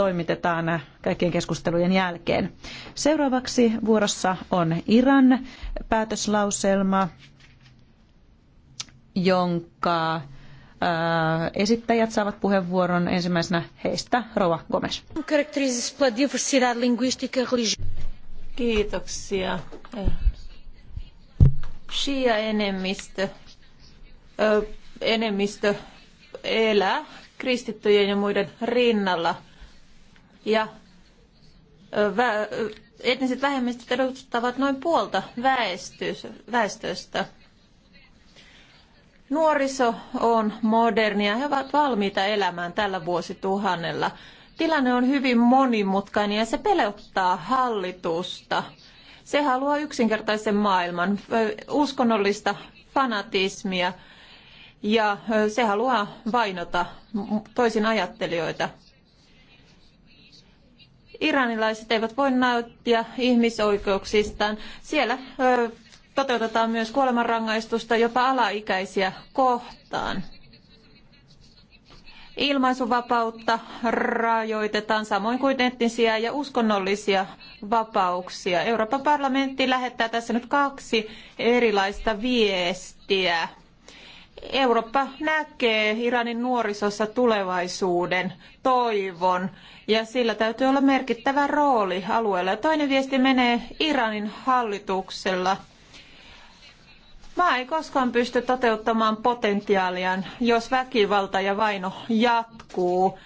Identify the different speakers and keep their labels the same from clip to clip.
Speaker 1: toimitetaan kaikkien keskustelujen jälkeen. Seuraavaksi vuorossa on Iran päätöslauselma, jonka äh, esittäjät saavat puheenvuoron ensimmäisenä heistä Rova Gomes.
Speaker 2: E Kiitoksia. Shia-enemmistö enemmistö elää kristittyjen ja muiden rinnalla – ja vä- etniset vähemmistöt edustavat noin puolta väestöstä. Nuoriso on modernia, he ovat valmiita elämään tällä vuosituhannella. Tilanne on hyvin monimutkainen ja se pelottaa hallitusta. Se haluaa yksinkertaisen maailman, uskonnollista fanatismia ja se haluaa vainota toisin ajattelijoita iranilaiset eivät voi nauttia ihmisoikeuksistaan. Siellä ö, toteutetaan myös kuolemanrangaistusta jopa alaikäisiä kohtaan. Ilmaisuvapautta rajoitetaan samoin kuin etnisiä ja uskonnollisia vapauksia. Euroopan parlamentti lähettää tässä nyt kaksi erilaista viestiä Eurooppa näkee Iranin nuorisossa tulevaisuuden, toivon, ja sillä täytyy olla merkittävä rooli alueella. toinen viesti menee Iranin hallituksella. Maa ei koskaan pysty toteuttamaan potentiaaliaan, jos väkivalta ja vaino jatkuu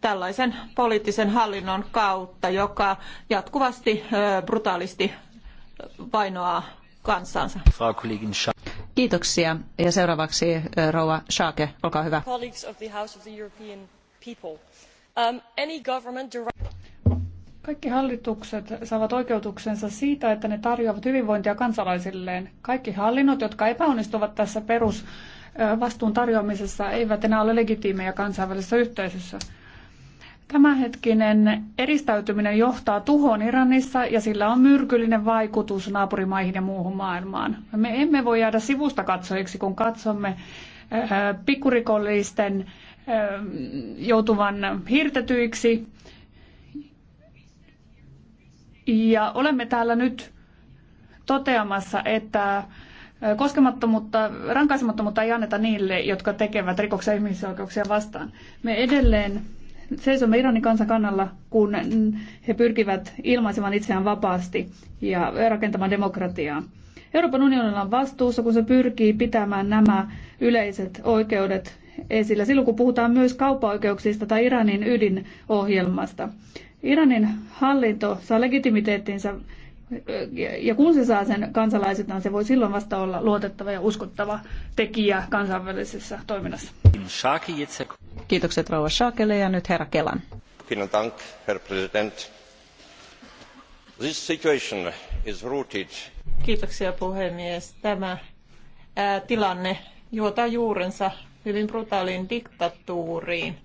Speaker 2: tällaisen poliittisen hallinnon kautta, joka jatkuvasti brutaalisti vainoaa kansansa.
Speaker 1: Kiitoksia. Ja seuraavaksi eh,
Speaker 3: rouva Schake, olkaa hyvä. Um, Kaikki hallitukset saavat oikeutuksensa siitä, että ne tarjoavat hyvinvointia kansalaisilleen. Kaikki hallinnot, jotka epäonnistuvat tässä perusvastuun eh, tarjoamisessa, eivät enää ole legitiimejä kansainvälisessä yhteisössä. Tämänhetkinen eristäytyminen johtaa tuhoon Iranissa ja sillä on myrkyllinen vaikutus naapurimaihin ja muuhun maailmaan. Me emme voi jäädä sivusta katsojiksi, kun katsomme äh, pikkurikollisten äh, joutuvan hirtetyiksi. Ja olemme täällä nyt toteamassa, että äh, koskemattomuutta, rankaisemattomuutta ei anneta niille, jotka tekevät rikoksia ihmisoikeuksia vastaan. Me edelleen seisomme Iranin kansan kannalla, kun he pyrkivät ilmaisemaan itseään vapaasti ja rakentamaan demokratiaa. Euroopan unionilla on vastuussa, kun se pyrkii pitämään nämä yleiset oikeudet esillä silloin, kun puhutaan myös kauppaoikeuksista tai Iranin ydinohjelmasta. Iranin hallinto saa legitimiteettinsä ja kun se saa sen kansalaisiltaan, se voi silloin vasta olla luotettava ja uskottava tekijä kansainvälisessä toiminnassa. Kiitokset rouva Schakelle ja nyt herra Kelan.
Speaker 4: Dank, herr This situation is rooted.
Speaker 2: Kiitoksia puhemies. Tämä ää, tilanne juotaa juurensa hyvin brutaaliin diktatuuriin.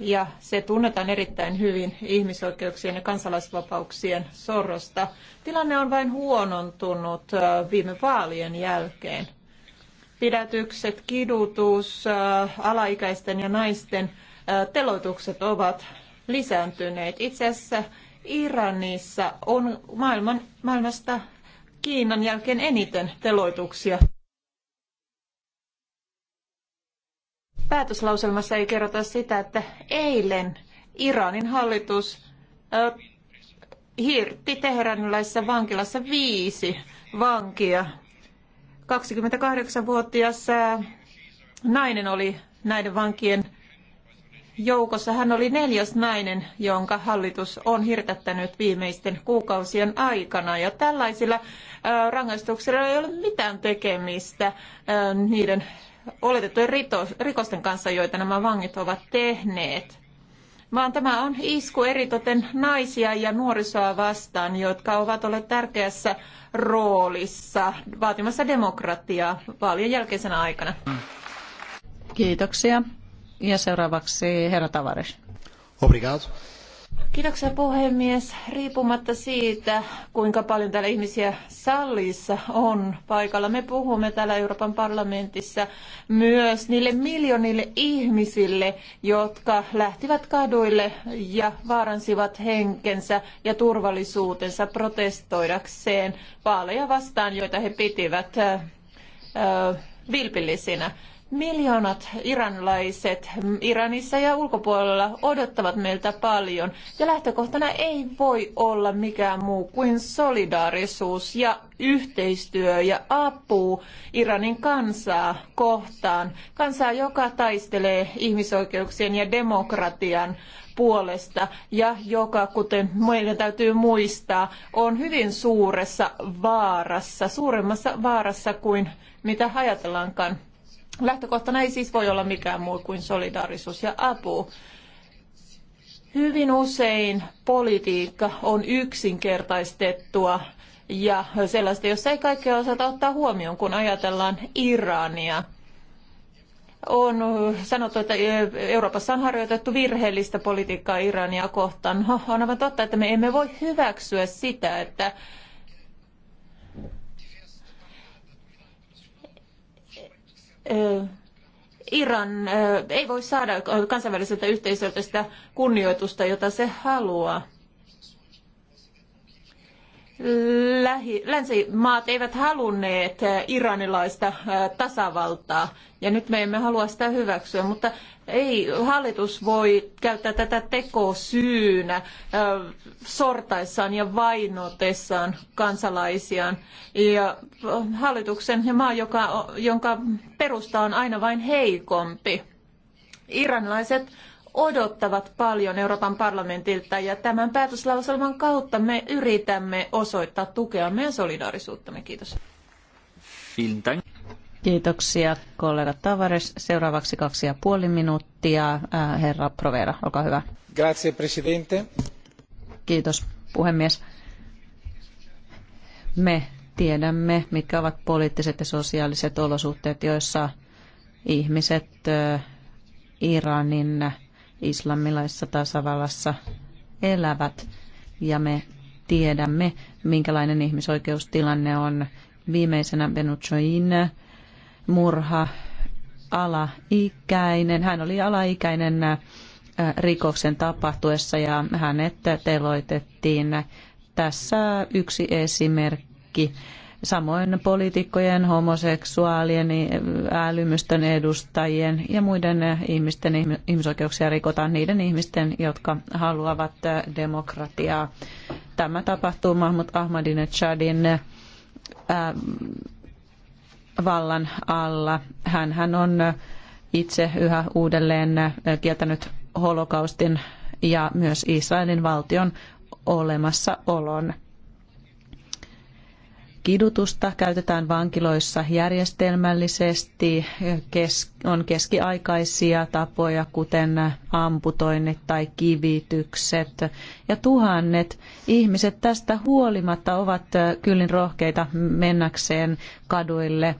Speaker 2: Ja se tunnetaan erittäin hyvin ihmisoikeuksien ja kansalaisvapauksien sorrosta. Tilanne on vain huonontunut viime vaalien jälkeen. Pidätykset, kidutus, äh, alaikäisten ja naisten äh, teloitukset ovat lisääntyneet. Itse asiassa Iranissa on maailman, maailmasta Kiinan jälkeen eniten teloituksia. Päätöslauselmassa ei kerrota sitä, että eilen Iranin hallitus hirtti teheranilaisessa vankilassa viisi vankia 28-vuotias nainen oli näiden vankien joukossa. Hän oli neljäs nainen, jonka hallitus on hirtättänyt viimeisten kuukausien aikana. Ja tällaisilla rangaistuksilla ei ole mitään tekemistä niiden oletettujen rikosten kanssa, joita nämä vangit ovat tehneet vaan tämä on isku eritoten naisia ja nuorisoa vastaan, jotka ovat olleet tärkeässä roolissa vaatimassa demokratiaa vaalien jälkeisenä aikana.
Speaker 1: Kiitoksia. Ja seuraavaksi herra Tavares. Obrigado.
Speaker 2: Kiitoksia puhemies. Riippumatta siitä, kuinka paljon täällä ihmisiä sallissa on paikalla, me puhumme täällä Euroopan parlamentissa myös niille miljoonille ihmisille, jotka lähtivät kaduille ja vaaransivat henkensä ja turvallisuutensa protestoidakseen vaaleja vastaan, joita he pitivät vilpillisinä. Miljoonat iranilaiset Iranissa ja ulkopuolella odottavat meiltä paljon ja lähtökohtana ei voi olla mikään muu kuin solidaarisuus ja yhteistyö ja apu Iranin kansaa kohtaan. Kansaa, joka taistelee ihmisoikeuksien ja demokratian puolesta ja joka, kuten meidän täytyy muistaa, on hyvin suuressa vaarassa, suuremmassa vaarassa kuin mitä ajatellaankaan. Lähtökohtana ei siis voi olla mikään muu kuin solidaarisuus ja apu. Hyvin usein politiikka on yksinkertaistettua ja sellaista, jossa ei kaikkea osata ottaa huomioon, kun ajatellaan Irania. On sanottu, että Euroopassa on harjoitettu virheellistä politiikkaa Irania kohtaan. No, on aivan totta, että me emme voi hyväksyä sitä, että Iran ei voi saada kansainväliseltä yhteisöltä sitä kunnioitusta, jota se haluaa. Lähi, länsimaat eivät halunneet iranilaista tasavaltaa ja nyt me emme halua sitä hyväksyä, mutta ei hallitus voi käyttää tätä tekosyynä sortaessaan ja vainotessaan kansalaisiaan. Ja hallituksen ja maa, joka, jonka perusta on aina vain heikompi. Iranilaiset odottavat paljon Euroopan parlamentilta ja tämän päätöslauselman kautta me yritämme osoittaa tukeamme ja solidaarisuuttamme. Kiitos. Vielen
Speaker 1: Kiitoksia kollega Tavares. Seuraavaksi kaksi ja puoli minuuttia. Äh, herra Provera, olkaa hyvä.
Speaker 2: Grazie, presidente.
Speaker 1: Kiitos, puhemies. Me tiedämme, mitkä ovat poliittiset ja sosiaaliset olosuhteet, joissa ihmiset äh, Iranin islamilaisessa tasavallassa elävät. Ja me tiedämme, minkälainen ihmisoikeustilanne on. Viimeisenä Benuchoin murha alaikäinen. Hän oli alaikäinen äh, rikoksen tapahtuessa ja hänet teloitettiin. Tässä yksi esimerkki. Samoin poliitikkojen, homoseksuaalien, älymystön edustajien ja muiden ihmisten ihmisoikeuksia rikotaan niiden ihmisten, jotka haluavat äh, demokratiaa. Tämä tapahtuu Mahmoud Ahmadinejadin äh, vallan alla. hän on itse yhä uudelleen kieltänyt holokaustin ja myös Israelin valtion olemassaolon. Kidutusta käytetään vankiloissa järjestelmällisesti, on keskiaikaisia tapoja, kuten amputoinnit tai kivitykset. Ja tuhannet ihmiset tästä huolimatta ovat kyllin rohkeita mennäkseen kaduille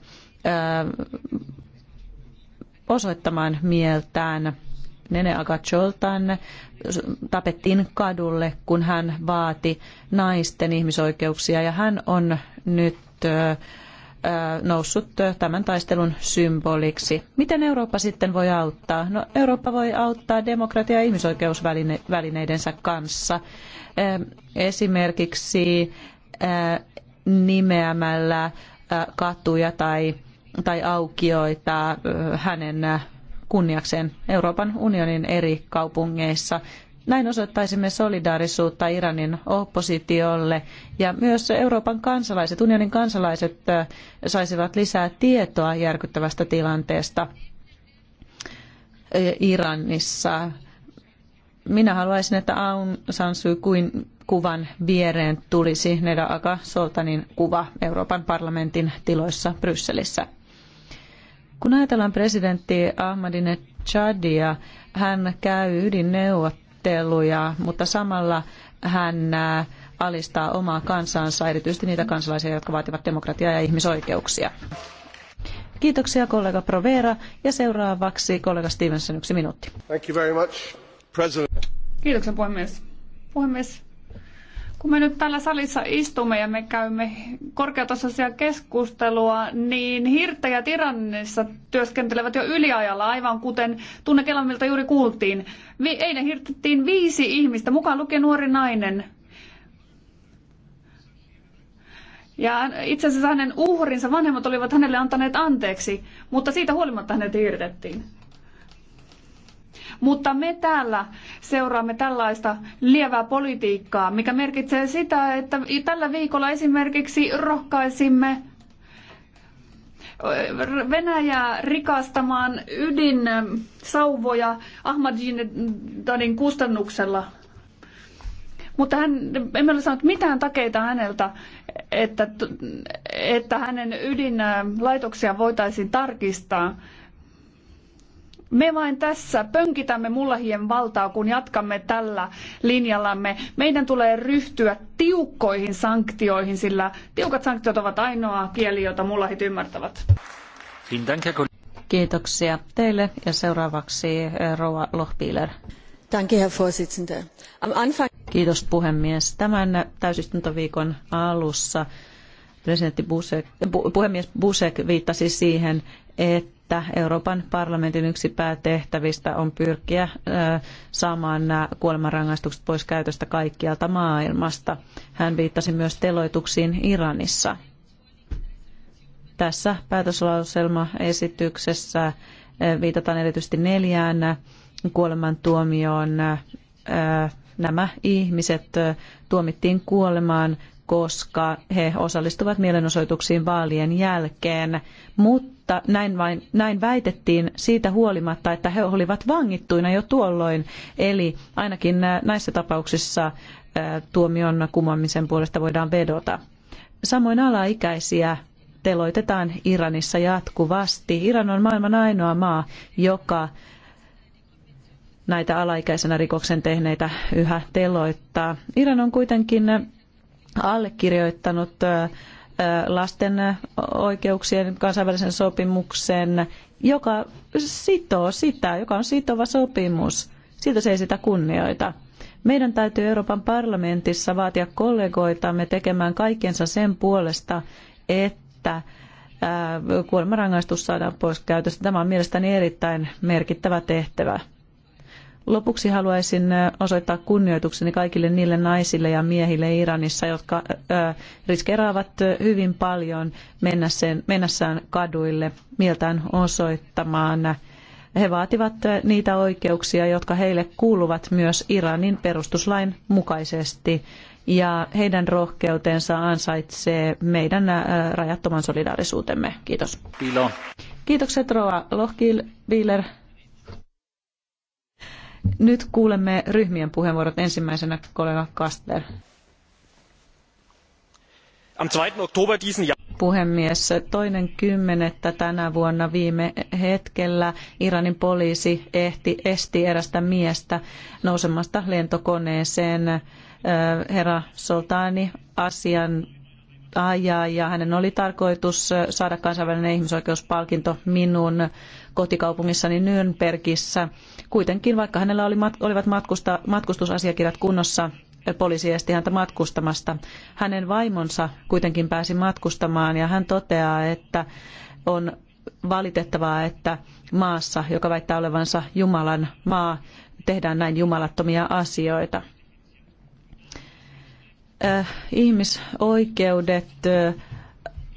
Speaker 1: osoittamaan mieltään Nene Agacholtan tapettiin kadulle, kun hän vaati naisten ihmisoikeuksia ja hän on nyt noussut tämän taistelun symboliksi. Miten Eurooppa sitten voi auttaa? No, Eurooppa voi auttaa demokratia- ja ihmisoikeusvälineidensä kanssa. Esimerkiksi nimeämällä katuja tai, tai aukioita hänen kunniakseen Euroopan unionin eri kaupungeissa. Näin osoittaisimme solidaarisuutta Iranin oppositiolle ja myös Euroopan kansalaiset, unionin kansalaiset saisivat lisää tietoa järkyttävästä tilanteesta Iranissa. Minä haluaisin, että Aung San Suu Kyin kuvan viereen tulisi Neda Aga Soltanin kuva Euroopan parlamentin tiloissa Brysselissä. Kun ajatellaan presidentti Ahmadinejadia, hän käy ydinneuvotteluja, mutta samalla hän äh, alistaa omaa kansansa, erityisesti niitä kansalaisia, jotka vaativat demokratiaa ja ihmisoikeuksia. Kiitoksia kollega Provera ja seuraavaksi kollega Stevenson yksi minuutti.
Speaker 2: Thank you very much, President.
Speaker 3: Kiitoksia puhemies. Puhemies, kun me nyt täällä salissa istumme ja me käymme korkeatasoisia keskustelua, niin hirttäjät Iranissa työskentelevät jo yliajalla, aivan kuten Tunne Kelamilta juuri kuultiin. Vi- eilen hirtettiin viisi ihmistä, mukaan lukien nuori nainen. Ja itse asiassa hänen uhrinsa vanhemmat olivat hänelle antaneet anteeksi, mutta siitä huolimatta hänet hirtettiin. Mutta me täällä seuraamme tällaista lievää politiikkaa, mikä merkitsee sitä, että tällä viikolla esimerkiksi rohkaisimme Venäjää rikastamaan ydinsauvoja Ahmadinejadin kustannuksella. Mutta hän, emme ole saanut mitään takeita häneltä, että, että hänen ydinlaitoksia voitaisiin tarkistaa. Me vain tässä pönkitämme mullahien valtaa, kun jatkamme tällä linjallamme. Meidän tulee ryhtyä tiukkoihin sanktioihin, sillä tiukat sanktiot ovat ainoa kieli, jota mullahit ymmärtävät.
Speaker 1: Kiitoksia teille ja seuraavaksi eh, Rouva Lohpiiler. Kiitos puhemies. Tämän täysistuntoviikon alussa presidentti Busek, eh, puhemies Busek viittasi siihen, että että Euroopan parlamentin yksi päätehtävistä on pyrkiä saamaan nämä kuolemanrangaistukset pois käytöstä kaikkialta maailmasta. Hän viittasi myös teloituksiin Iranissa. Tässä päätöslauselmaesityksessä viitataan erityisesti neljään kuolemantuomioon. Nämä ihmiset tuomittiin kuolemaan koska he osallistuvat mielenosoituksiin vaalien jälkeen. Mutta näin, vain, näin väitettiin siitä huolimatta, että he olivat vangittuina jo tuolloin. Eli ainakin äh, näissä tapauksissa äh, tuomion kumoamisen puolesta voidaan vedota. Samoin alaikäisiä teloitetaan Iranissa jatkuvasti. Iran on maailman ainoa maa, joka näitä alaikäisenä rikoksen tehneitä yhä teloittaa. Iran on kuitenkin allekirjoittanut lasten oikeuksien kansainvälisen sopimuksen, joka sitoo sitä, joka on sitova sopimus. Siltä se ei sitä kunnioita. Meidän täytyy Euroopan parlamentissa vaatia kollegoitamme tekemään kaikkensa sen puolesta, että kuolemanrangaistus saadaan pois käytöstä. Tämä on mielestäni erittäin merkittävä tehtävä. Lopuksi haluaisin osoittaa kunnioitukseni kaikille niille naisille ja miehille Iranissa, jotka riskeraavat hyvin paljon mennessään kaduille mieltään osoittamaan. He vaativat niitä oikeuksia, jotka heille kuuluvat myös Iranin perustuslain mukaisesti, ja heidän rohkeutensa ansaitsee meidän rajattoman solidaarisuutemme. Kiitos. Kiitokset Roa Lohkil-Biiler. Nyt kuulemme ryhmien puheenvuorot ensimmäisenä kollega Kastler.
Speaker 5: Am 2. Oktober diesen
Speaker 1: puhemies. Toinen kymmenettä tänä vuonna viime hetkellä Iranin poliisi ehti, esti erästä miestä nousemasta lentokoneeseen. Herra Soltani asian ajaa ja hänen oli tarkoitus saada kansainvälinen ihmisoikeuspalkinto minun kotikaupungissani Nürnbergissä. Kuitenkin, vaikka hänellä oli mat- olivat matkusta- matkustusasiakirjat kunnossa, poliisi esti häntä matkustamasta. Hänen vaimonsa kuitenkin pääsi matkustamaan ja hän toteaa, että on valitettavaa, että maassa, joka väittää olevansa Jumalan maa, tehdään näin jumalattomia asioita. Äh, ihmisoikeudet äh,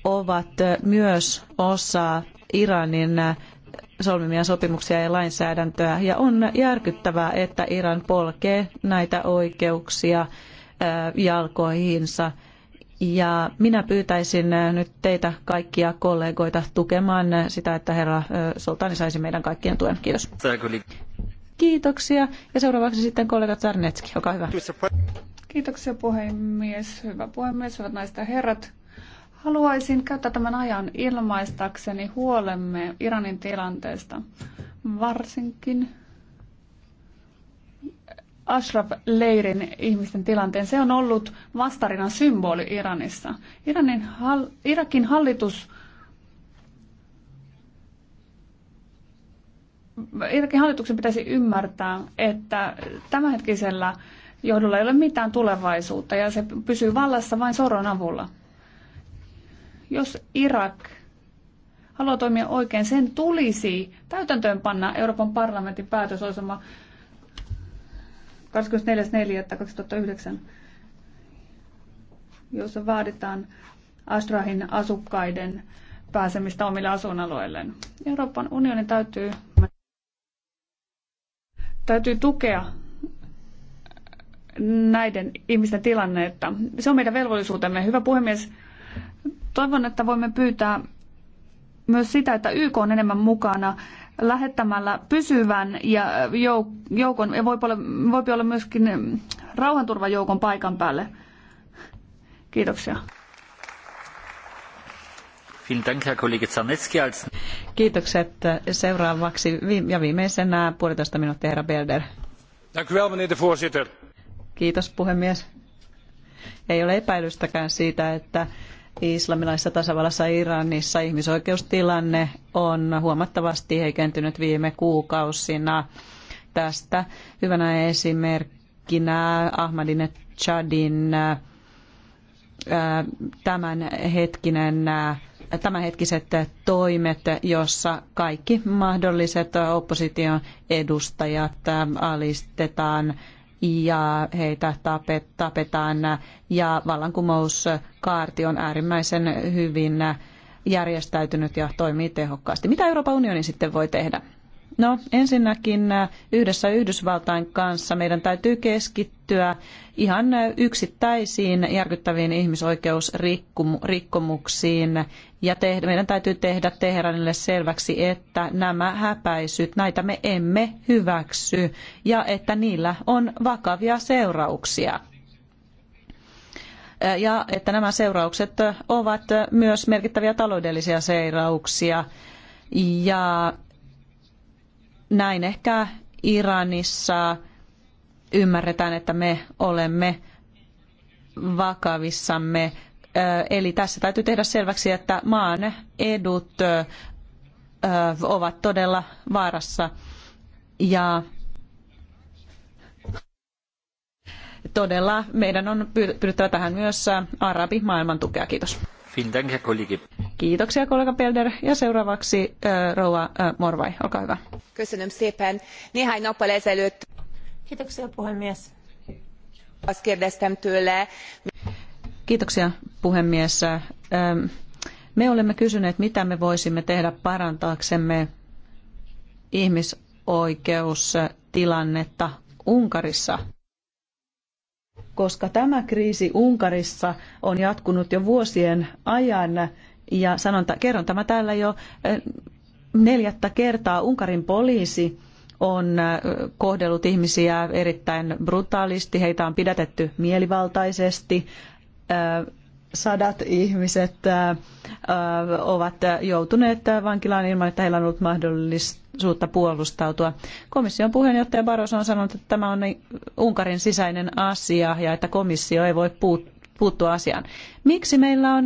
Speaker 1: ovat myös osa Iranin solmimia sopimuksia ja lainsäädäntöä. Ja on järkyttävää, että Iran polkee näitä oikeuksia jalkoihinsa. Ja minä pyytäisin nyt teitä kaikkia kollegoita tukemaan sitä, että herra Soltani saisi meidän kaikkien tuen. Kiitos. Kiitoksia. Ja seuraavaksi sitten kollega Czarnecki, olkaa hyvä.
Speaker 3: Kiitoksia puhemies, hyvä puhemies, hyvät naiset ja herrat. Haluaisin käyttää tämän ajan ilmaistakseni huolemme Iranin tilanteesta, varsinkin Ashraf-leirin ihmisten tilanteen. Se on ollut vastarinan symboli Iranissa. Iranin hal- Irakin hallitus Irakin hallituksen pitäisi ymmärtää, että tämänhetkisellä johdolla ei ole mitään tulevaisuutta ja se pysyy vallassa vain soron avulla jos Irak haluaa toimia oikein, sen tulisi täytäntöön panna Euroopan parlamentin päätösosama 24.4.2009, jossa vaaditaan Astrahin asukkaiden pääsemistä omille asuinalueilleen. Euroopan unionin täytyy, täytyy tukea näiden ihmisten tilannetta. Se on meidän velvollisuutemme. Hyvä puhemies, Toivon, että voimme pyytää myös sitä, että YK on enemmän mukana lähettämällä pysyvän ja joukon, ja voi olla, voi olla myöskin rauhanturvajoukon paikan päälle. Kiitoksia. Kiitokset. Seuraavaksi
Speaker 1: ja viimeisenä puolitoista minuuttia herra Belder. Kiitos puhemies. Ei ole epäilystäkään siitä, että islamilaisessa tasavallassa Iranissa ihmisoikeustilanne on huomattavasti heikentynyt viime kuukausina. Tästä hyvänä esimerkkinä Ahmadine Chadin äh, tämä äh, tämänhetkiset toimet, jossa kaikki mahdolliset opposition edustajat äh, alistetaan ja heitä tapetaan ja vallankumouskaarti on äärimmäisen hyvin järjestäytynyt ja toimii tehokkaasti. Mitä Euroopan unioni sitten voi tehdä? No ensinnäkin äh, yhdessä Yhdysvaltain kanssa meidän täytyy keskittyä ihan äh, yksittäisiin järkyttäviin ihmisoikeusrikkomuksiin ja tehdä, meidän täytyy tehdä Teheranille selväksi, että nämä häpäisyt, näitä me emme hyväksy ja että niillä on vakavia seurauksia äh, ja että nämä seuraukset ovat myös merkittäviä taloudellisia seurauksia. Ja näin ehkä Iranissa ymmärretään, että me olemme vakavissamme. Eli tässä täytyy tehdä selväksi, että maan edut ovat todella vaarassa. Ja todella meidän on pyydettävä tähän myös arabimaailman tukea. Kiitos. Kiitoksia kollega Pelder. Ja seuraavaksi äh, rouva äh, Morvai, olkaa hyvä.
Speaker 2: Köszönöm szépen. Néhány nappal ezelőtt... Kiitoksia puhemies. Azt kérdeztem tőle...
Speaker 1: Kiitoksia puhemies. Me olemme kysyneet, mitä me voisimme tehdä parantaaksemme ihmisoikeustilannetta Unkarissa koska tämä kriisi Unkarissa on jatkunut jo vuosien ajan ja sanon, kerron tämä täällä jo eh, neljättä kertaa Unkarin poliisi on eh, kohdellut ihmisiä erittäin brutaalisti, heitä on pidätetty mielivaltaisesti eh, sadat ihmiset äh, äh, ovat joutuneet vankilaan ilman, että heillä on ollut mahdollisuutta puolustautua. Komission puheenjohtaja Barroso on sanonut, että tämä on Unkarin sisäinen asia ja että komissio ei voi puuttua asiaan. Miksi meillä on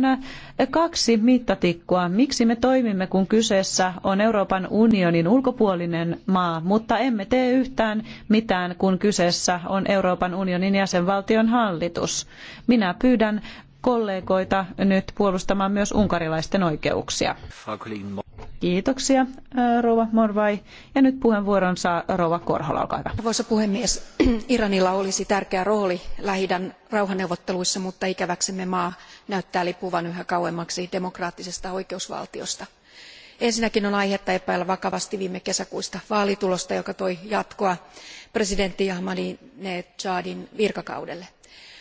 Speaker 1: kaksi mittatikkua? Miksi me toimimme, kun kyseessä on Euroopan unionin ulkopuolinen maa, mutta emme tee yhtään mitään, kun kyseessä on Euroopan unionin jäsenvaltion hallitus? Minä pyydän kollegoita nyt puolustamaan myös unkarilaisten oikeuksia. Kiitoksia, rouva Morvai. Ja nyt puheenvuoron saa rouva Korhola, olkaa hyvä.
Speaker 5: Arvoisa puhemies, Iranilla olisi tärkeä rooli lähidän rauhanneuvotteluissa, mutta ikäväksemme maa näyttää lipuvan yhä kauemmaksi demokraattisesta oikeusvaltiosta. Ensinnäkin on aihetta epäillä vakavasti viime kesäkuista vaalitulosta, joka toi jatkoa presidentti Ahmadinejadin virkakaudelle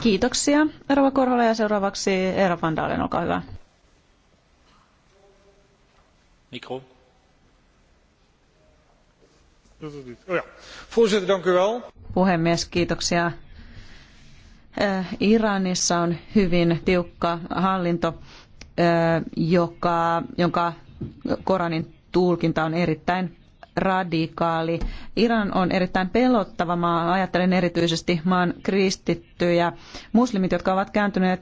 Speaker 1: Kiitoksia, Rova Korhola, ja seuraavaksi Eero Vandaalen, olkaa hyvä.
Speaker 2: Mikro. Voorzitter, dank u wel.
Speaker 1: Puhemies, kiitoksia. Eh, Iranissa on hyvin tiukka hallinto, eh, joka, jonka Koranin tulkinta on erittäin radikaali. Iran on erittäin pelottava maa, ajattelen erityisesti maan kristittyjä. Muslimit, jotka ovat kääntyneet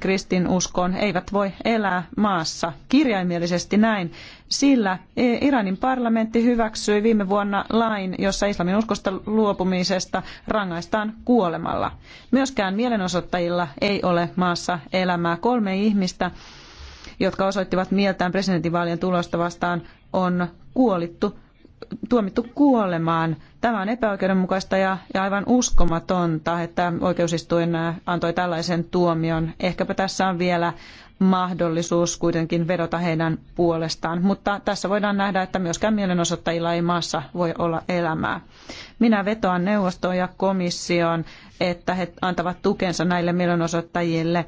Speaker 1: kristinuskoon, eivät voi elää maassa kirjaimellisesti näin, sillä e, Iranin parlamentti hyväksyi viime vuonna lain, jossa islamin uskosta luopumisesta rangaistaan kuolemalla. Myöskään mielenosoittajilla ei ole maassa elämää. Kolme ihmistä jotka osoittivat mieltään presidentinvaalien tulosta vastaan, on kuolittu tuomittu kuolemaan. Tämä on epäoikeudenmukaista ja, ja aivan uskomatonta, että oikeusistuin äh, antoi tällaisen tuomion. Ehkäpä tässä on vielä mahdollisuus kuitenkin vedota heidän puolestaan, mutta tässä voidaan nähdä, että myöskään mielenosoittajilla ei maassa voi olla elämää. Minä vetoan neuvostoon ja komissioon, että he antavat tukensa näille mielenosoittajille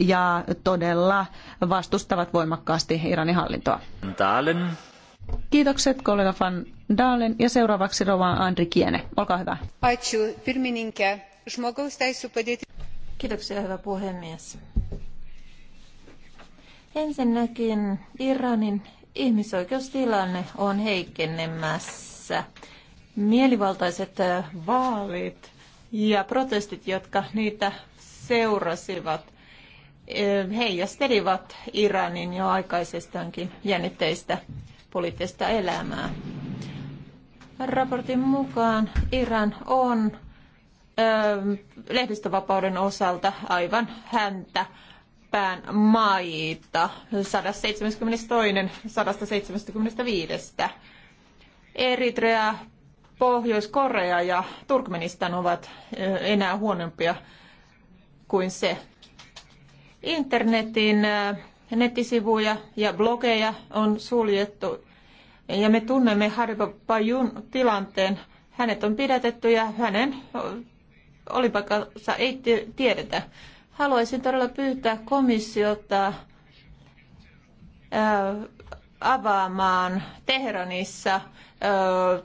Speaker 1: ja todella vastustavat voimakkaasti Iranin hallintoa. Kiitokset kollega Van Daalen ja seuraavaksi rouva Andri Kiene. Olkaa hyvä.
Speaker 2: Kiitoksia, hyvä puhemies. Ensinnäkin Iranin ihmisoikeustilanne on heikkenemässä. Mielivaltaiset vaalit ja protestit, jotka niitä seurasivat, heijastelivat Iranin jo aikaisestankin jännitteistä poliittista elämää. Raportin mukaan Iran on ö, lehdistövapauden osalta aivan häntä pään maita 172-175. Eritrea, Pohjois-Korea ja Turkmenistan ovat enää huonompia kuin se. Internetin nettisivuja ja blogeja on suljettu. Ja me tunnemme Haribo Pajun tilanteen. Hänet on pidätetty ja hänen olipaikkansa ei tiedetä. Haluaisin todella pyytää komissiota ää, avaamaan Teheranissa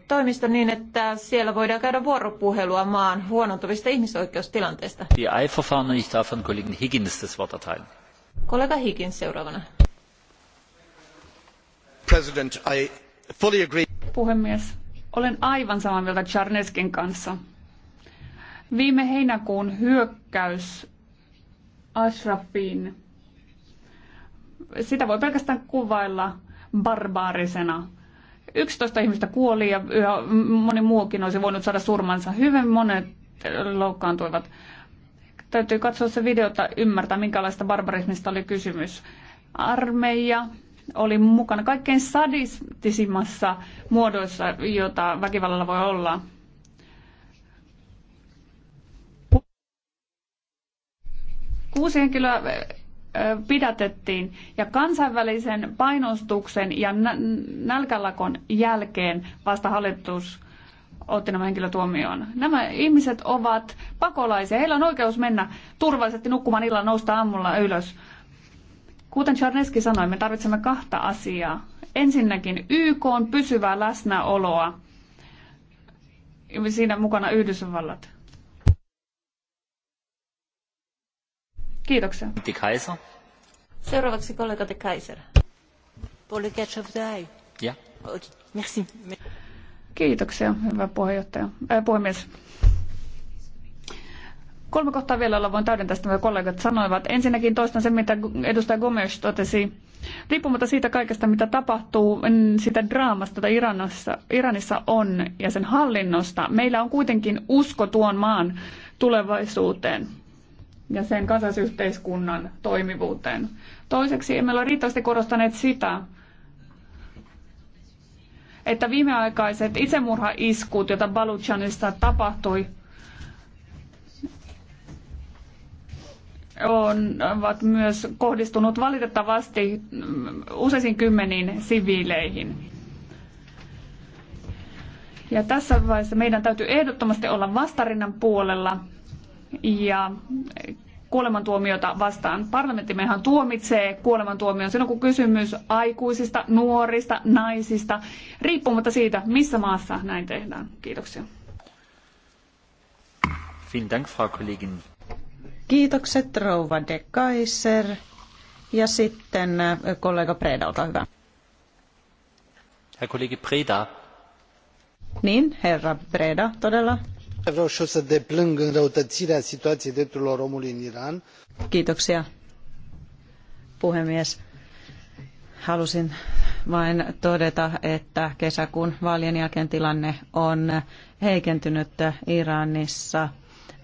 Speaker 2: toimisto niin, että siellä voidaan käydä vuoropuhelua maan huonontuvista ihmisoikeustilanteista.
Speaker 3: Die Eilverfahren, ich darf Kollegen Higgins das Wort erteilen.
Speaker 5: President, I fully agree.
Speaker 2: Puhemies,
Speaker 3: olen aivan samaa mieltä czarneckin kanssa. Viime heinäkuun hyökkäys Ashrafiin, sitä voi pelkästään kuvailla barbaarisena. 11 ihmistä kuoli ja moni muukin olisi voinut saada surmansa. Hyvin monet loukkaantuivat. Täytyy katsoa se että ymmärtää, minkälaista barbarismista oli kysymys. Armeija oli mukana kaikkein sadistisimmassa muodoissa, jota väkivallalla voi olla. Kuusi henkilöä pidätettiin ja kansainvälisen painostuksen ja nälkälakon jälkeen vasta hallitus otti nämä henkilötuomioon. Nämä ihmiset ovat pakolaisia. Heillä on oikeus mennä turvallisesti nukkumaan illalla, nousta aamulla ylös. Kuten Charneski sanoi, me tarvitsemme kahta asiaa. Ensinnäkin YK on pysyvää läsnäoloa. Siinä mukana Yhdysvallat. Kiitoksia. De Kaiser.
Speaker 2: Seuraavaksi kollega De Kaiser. Polika Ja. Okay. Merci.
Speaker 3: Kiitoksia, hyvä puheenjohtaja, äh, puhemies. Kolme kohtaa vielä, jolla voin täydentää sitä, mitä kollegat sanoivat. Ensinnäkin toistan sen, mitä edustaja Gomes totesi. Riippumatta siitä kaikesta, mitä tapahtuu, sitä draamasta, jota Iranissa, Iranissa on ja sen hallinnosta, meillä on kuitenkin usko tuon maan tulevaisuuteen ja sen kansallisyhteiskunnan toimivuuteen. Toiseksi emme ole riittävästi korostaneet sitä, että viimeaikaiset itsemurhaiskut, joita Baluchanista tapahtui, on, ovat myös kohdistunut valitettavasti useisiin kymmeniin siviileihin. Ja tässä vaiheessa meidän täytyy ehdottomasti olla vastarinnan puolella ja kuolemantuomiota vastaan. Parlamenttimehan tuomitsee kuolemantuomion silloin, kun kysymys aikuisista, nuorista, naisista, riippumatta siitä, missä maassa näin tehdään. Kiitoksia.
Speaker 1: Kiitokset rouva de Kaiser. Ja sitten kollega Preda, olkaa hyvä.
Speaker 3: Herr Kollege Preda.
Speaker 1: Niin, herra Preda, todella
Speaker 4: vreau i eu să deplâng înrăutăirea situaiei drepturilor omului în iran.
Speaker 1: Kiitoksia puhemies. Halusin vain todeta, että kesäkuun vaalien jälkeen tilanne on heikentynyt Iranissa.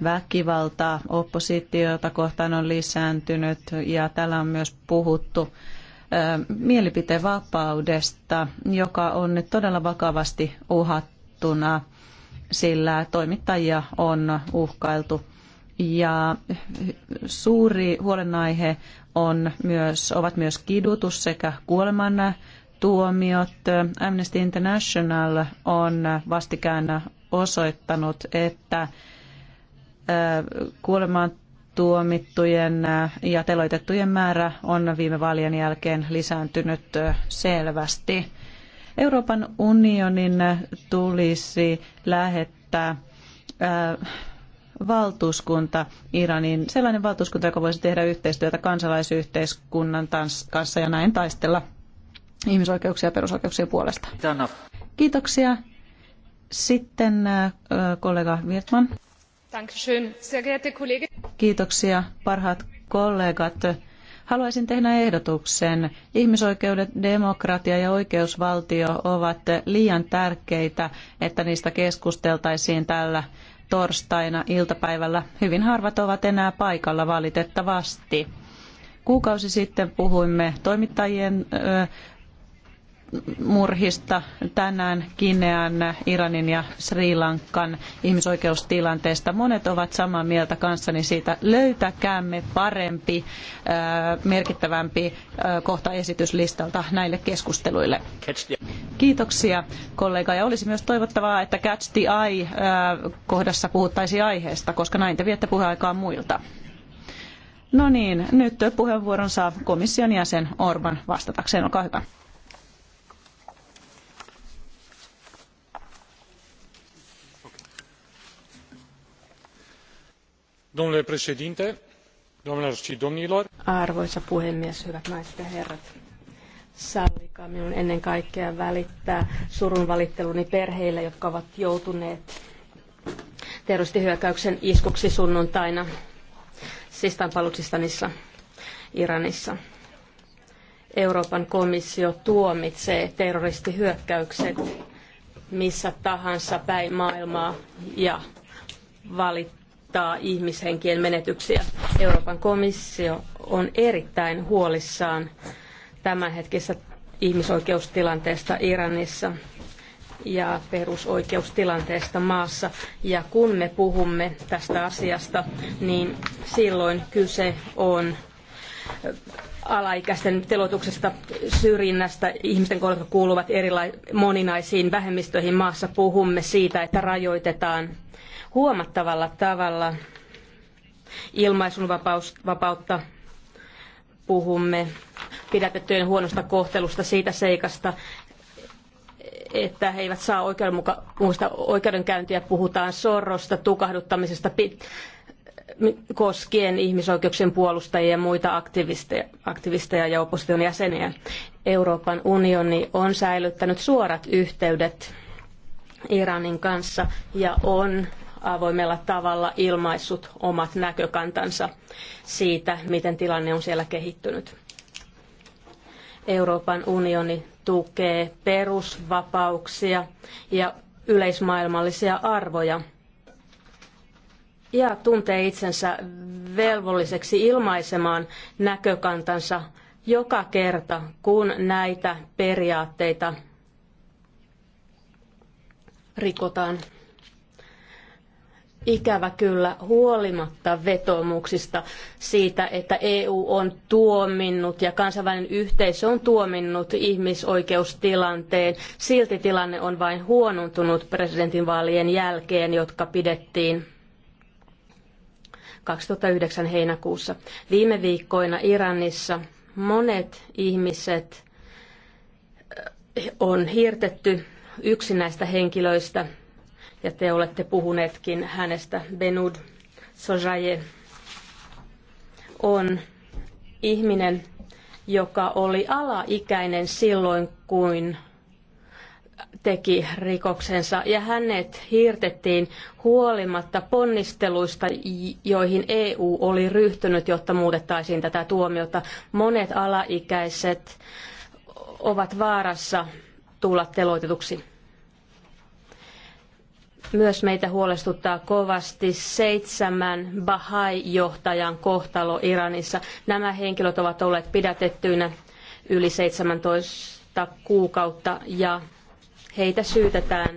Speaker 1: Väkivalta oppositiota kohtaan on lisääntynyt ja täällä on myös puhuttu mielipiteenvapaudesta, joka on nyt todella vakavasti uhattuna sillä toimittajia on uhkailtu. Ja suuri huolenaihe on myös, ovat myös kidutus sekä kuoleman tuomiot. Amnesty International on vastikään osoittanut, että kuolemaan tuomittujen ja teloitettujen määrä on viime vaalien jälkeen lisääntynyt selvästi. Euroopan unionin tulisi lähettää valtuuskunta Iranin, sellainen valtuuskunta, joka voisi tehdä yhteistyötä kansalaisyhteiskunnan kanssa ja näin taistella ihmisoikeuksia ja perusoikeuksien puolesta. Kiitoksia. Sitten kollega Wirtman. Kiitoksia parhaat kollegat Haluaisin tehdä ehdotuksen. Ihmisoikeudet, demokratia ja oikeusvaltio ovat liian tärkeitä, että niistä keskusteltaisiin tällä torstaina iltapäivällä. Hyvin harvat ovat enää paikalla valitettavasti. Kuukausi sitten puhuimme toimittajien murhista tänään Kinean, Iranin ja Sri Lankan ihmisoikeustilanteesta. Monet ovat samaa mieltä kanssani siitä. Löytäkäämme parempi, merkittävämpi kohta esityslistalta näille keskusteluille. Kiitoksia kollega ja olisi myös toivottavaa, että Catch the Eye-kohdassa puhuttaisiin aiheesta, koska näin te viette puheaikaa muilta. No niin, nyt puheenvuoron saa komission jäsen Orban vastatakseen. Olkaa hyvä.
Speaker 4: Arvoisa puhemies, hyvät naiset ja herrat. Sallikaa minun ennen kaikkea välittää surunvalitteluni perheille, jotka ovat joutuneet terroristihyökkäyksen iskuksi sunnuntaina Sistan-Palutsistanissa, Iranissa. Euroopan komissio tuomitsee terroristihyökkäykset missä tahansa päin maailmaa ja valittaa aiheuttaa ihmishenkien menetyksiä. Euroopan komissio on erittäin huolissaan tämänhetkisestä ihmisoikeustilanteesta Iranissa ja perusoikeustilanteesta maassa. Ja kun me puhumme tästä asiasta, niin silloin kyse on alaikäisten telotuksesta, syrjinnästä, ihmisten jotka kuuluvat erilaisiin moninaisiin vähemmistöihin maassa. Puhumme siitä, että rajoitetaan huomattavalla tavalla ilmaisunvapautta. Puhumme pidätettyjen huonosta kohtelusta siitä seikasta, että he eivät saa oikeudenmukaista oikeudenkäyntiä. Puhutaan sorrosta, tukahduttamisesta pit- koskien ihmisoikeuksien puolustajia ja muita aktivisteja, aktivisteja ja opposition jäseniä. Euroopan unioni on säilyttänyt suorat yhteydet Iranin kanssa ja on avoimella tavalla ilmaissut omat näkökantansa siitä, miten tilanne on siellä kehittynyt. Euroopan unioni tukee perusvapauksia ja yleismaailmallisia arvoja ja tuntee itsensä velvolliseksi ilmaisemaan näkökantansa joka kerta, kun näitä periaatteita rikotaan ikävä kyllä huolimatta vetomuksista siitä, että EU on tuominnut ja kansainvälinen yhteisö on tuominnut ihmisoikeustilanteen. Silti tilanne on vain huonontunut presidentinvaalien jälkeen, jotka pidettiin 2009 heinäkuussa. Viime viikkoina Iranissa monet ihmiset eh, on hirtetty. Yksi näistä henkilöistä ja te olette puhuneetkin hänestä. Benud Sojaye on ihminen, joka oli alaikäinen silloin, kuin teki rikoksensa ja hänet hiirtettiin huolimatta ponnisteluista, joihin EU oli ryhtynyt, jotta muutettaisiin tätä tuomiota. Monet alaikäiset ovat vaarassa tulla teloitetuksi. Myös meitä huolestuttaa kovasti seitsemän Bahai-johtajan kohtalo Iranissa. Nämä henkilöt ovat olleet pidätettyinä yli 17 kuukautta ja heitä syytetään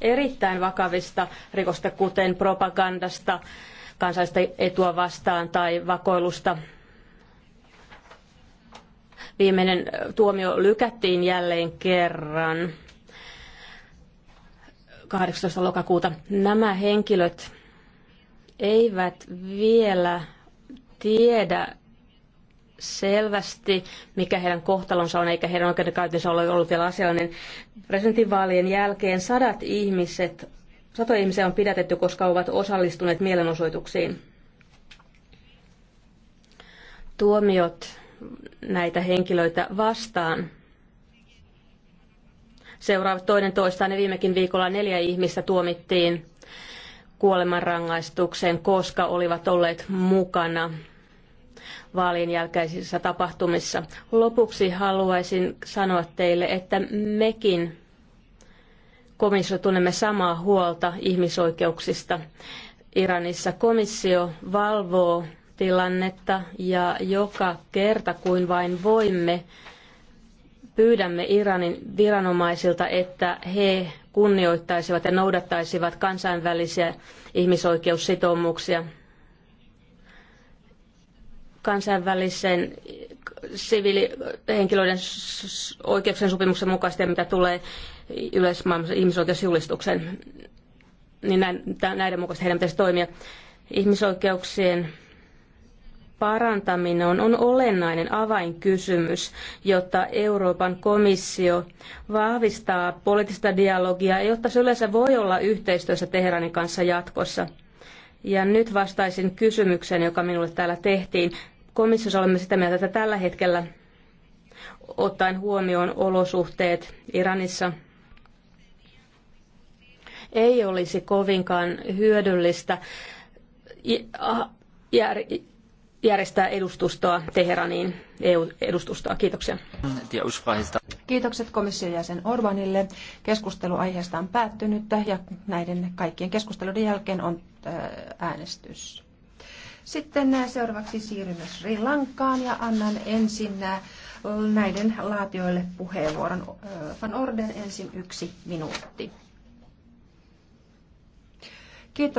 Speaker 4: erittäin vakavista rikosta, kuten propagandasta, kansallista etua vastaan tai vakoilusta. Viimeinen tuomio lykättiin jälleen kerran 18. lokakuuta. Nämä henkilöt eivät vielä tiedä selvästi, mikä heidän kohtalonsa on, eikä heidän oikeudenkäytönsä ole ollut vielä asiallinen. Presidentinvaalien jälkeen sadat ihmiset, satoja ihmisiä on pidätetty, koska ovat osallistuneet mielenosoituksiin. Tuomiot näitä henkilöitä vastaan seuraavat toinen toistaan ja viimekin viikolla neljä ihmistä tuomittiin kuolemanrangaistukseen koska olivat olleet mukana vaalien jälkeisissä tapahtumissa. Lopuksi haluaisin sanoa teille, että mekin komissio tunnemme samaa huolta ihmisoikeuksista. Iranissa komissio valvoo tilannetta ja joka kerta kuin vain voimme, Pyydämme Iranin viranomaisilta, että he kunnioittaisivat ja noudattaisivat kansainvälisiä ihmisoikeussitoumuksia. Kansainvälisen siviilihenkilöiden oikeuksien sopimuksen mukaisesti, mitä tulee yleismaailmassa ihmisoikeusjulistuksen, niin näiden mukaisesti heidän pitäisi toimia ihmisoikeuksien parantaminen on, olennainen avainkysymys, jotta Euroopan komissio vahvistaa poliittista dialogia, ja jotta se yleensä voi olla yhteistyössä Teheranin kanssa jatkossa. Ja nyt vastaisin kysymykseen, joka minulle täällä tehtiin. Komissiossa olemme sitä mieltä, että tällä hetkellä ottaen huomioon olosuhteet Iranissa ei olisi kovinkaan hyödyllistä järjestää edustustoa Teheraniin, EU-edustustoa. Kiitoksia. Kiitokset komission jäsen Orbanille. Keskustelu
Speaker 5: aiheesta on päättynyt ja näiden kaikkien keskusteluiden jälkeen on äh, äänestys. Sitten äh, seuraavaksi siirrymme Sri Lankaan ja annan ensin äh, näiden laatioille puheenvuoron. Van Orden ensin yksi minuutti.